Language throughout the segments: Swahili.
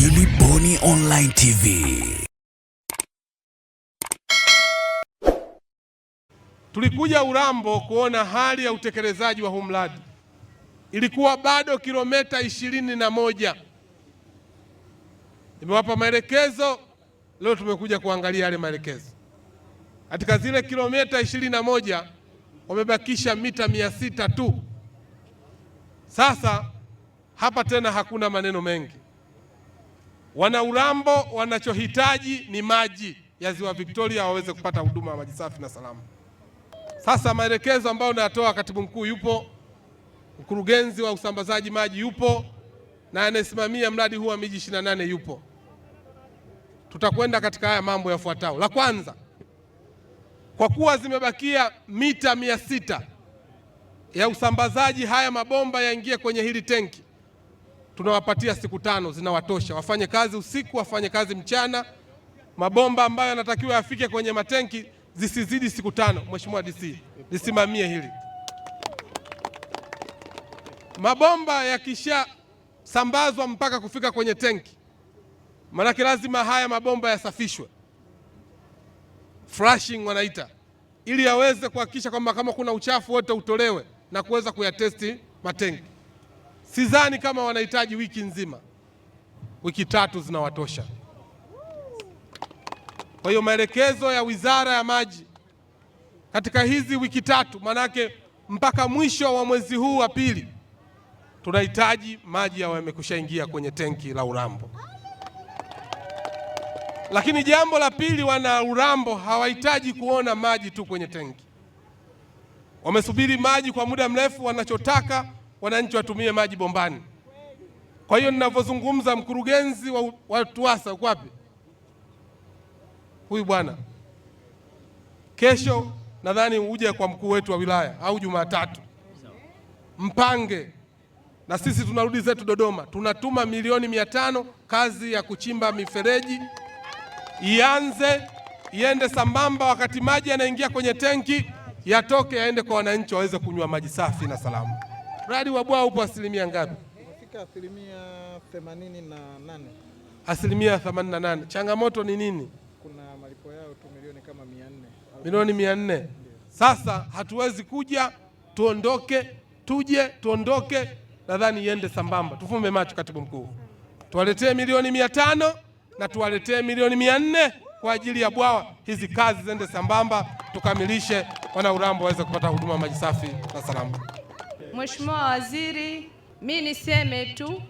Gilly Bonny Online TV. Tulikuja Urambo kuona hali ya utekelezaji wa huu mradi. Ilikuwa bado kilomita ishirini na moja. Nimewapa maelekezo, leo tumekuja kuangalia yale maelekezo. Katika zile kilomita ishirini na moja wamebakisha mita mia sita tu. Sasa hapa tena hakuna maneno mengi. Wana Urambo wanachohitaji ni maji ya Ziwa Victoria waweze kupata huduma ya maji safi na salama. Sasa maelekezo ambayo nayatoa, katibu mkuu yupo, mkurugenzi wa usambazaji maji yupo, na anayesimamia mradi huu wa miji 28 yupo. Tutakwenda katika haya mambo yafuatayo. La kwanza, kwa kuwa zimebakia mita mia sita ya usambazaji, haya mabomba yaingie kwenye hili tenki tunawapatia siku tano, zinawatosha. Wafanye kazi usiku, wafanye kazi mchana. Mabomba ambayo yanatakiwa yafike kwenye matenki zisizidi siku tano. Mheshimiwa DC, lisimamie hili. Mabomba yakishasambazwa mpaka kufika kwenye tenki, maanake lazima haya mabomba yasafishwe, flushing wanaita, ili yaweze kuhakikisha kwamba kama kuna uchafu wote utolewe na kuweza kuyatesti matenki. Sidhani kama wanahitaji wiki nzima, wiki tatu zinawatosha. Kwa hiyo maelekezo ya Wizara ya Maji katika hizi wiki tatu, manake mpaka mwisho wa mwezi huu wa pili, tunahitaji maji yamekusha yamekushaingia kwenye tenki la Urambo. Lakini jambo la pili, wana Urambo hawahitaji kuona maji tu kwenye tenki. Wamesubiri maji kwa muda mrefu, wanachotaka wananchi watumie maji bombani. Kwa hiyo ninavyozungumza, mkurugenzi wa, wa TUWASA uko wapi huyu bwana? Kesho nadhani uje kwa mkuu wetu wa wilaya au Jumatatu, mpange na sisi tunarudi zetu Dodoma. Tunatuma milioni mia tano kazi ya kuchimba mifereji ianze, iende sambamba, wakati maji yanaingia kwenye tenki yatoke yaende kwa wananchi waweze kunywa maji safi na salama. Mradi wa bwawa upo asilimia ngapi? Asilimia 88. Changamoto ni nini? Kuna malipo yao tu milioni kama 400. Milioni 400. Sasa hatuwezi kuja tuondoke, tuje tuondoke, nadhani iende sambamba. Tufumbe macho, katibu mkuu, tuwaletee milioni mia tano na tuwaletee milioni mia nne kwa ajili ya bwawa. Hizi kazi ziende sambamba, tukamilishe, wana Urambo waweze kupata huduma maji safi na salama. Mheshimiwa Waziri, mi niseme tu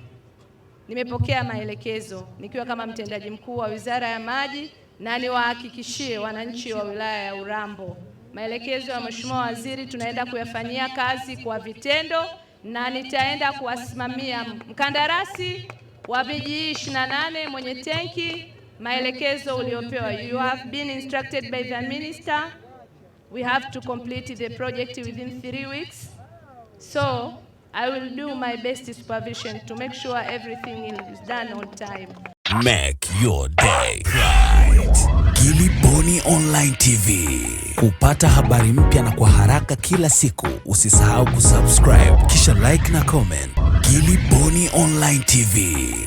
nimepokea maelekezo nikiwa kama mtendaji mkuu wa Wizara ya Maji, na niwahakikishie wananchi wa wilaya ya Urambo maelekezo ya Mheshimiwa Waziri tunaenda kuyafanyia kazi kwa vitendo, na nitaenda kuwasimamia mkandarasi wa vijii e 28 mwenye tenki maelekezo uliopewa. You have been instructed by the minister, we have to complete the project within three weeks. So I will do my best supervision to make sure everything is done on time. Make your day right. Gilly Bonny Online TV. Kupata habari mpya na kwa haraka kila siku, usisahau kusubscribe kisha like na comment. Gilly Bonny Online TV.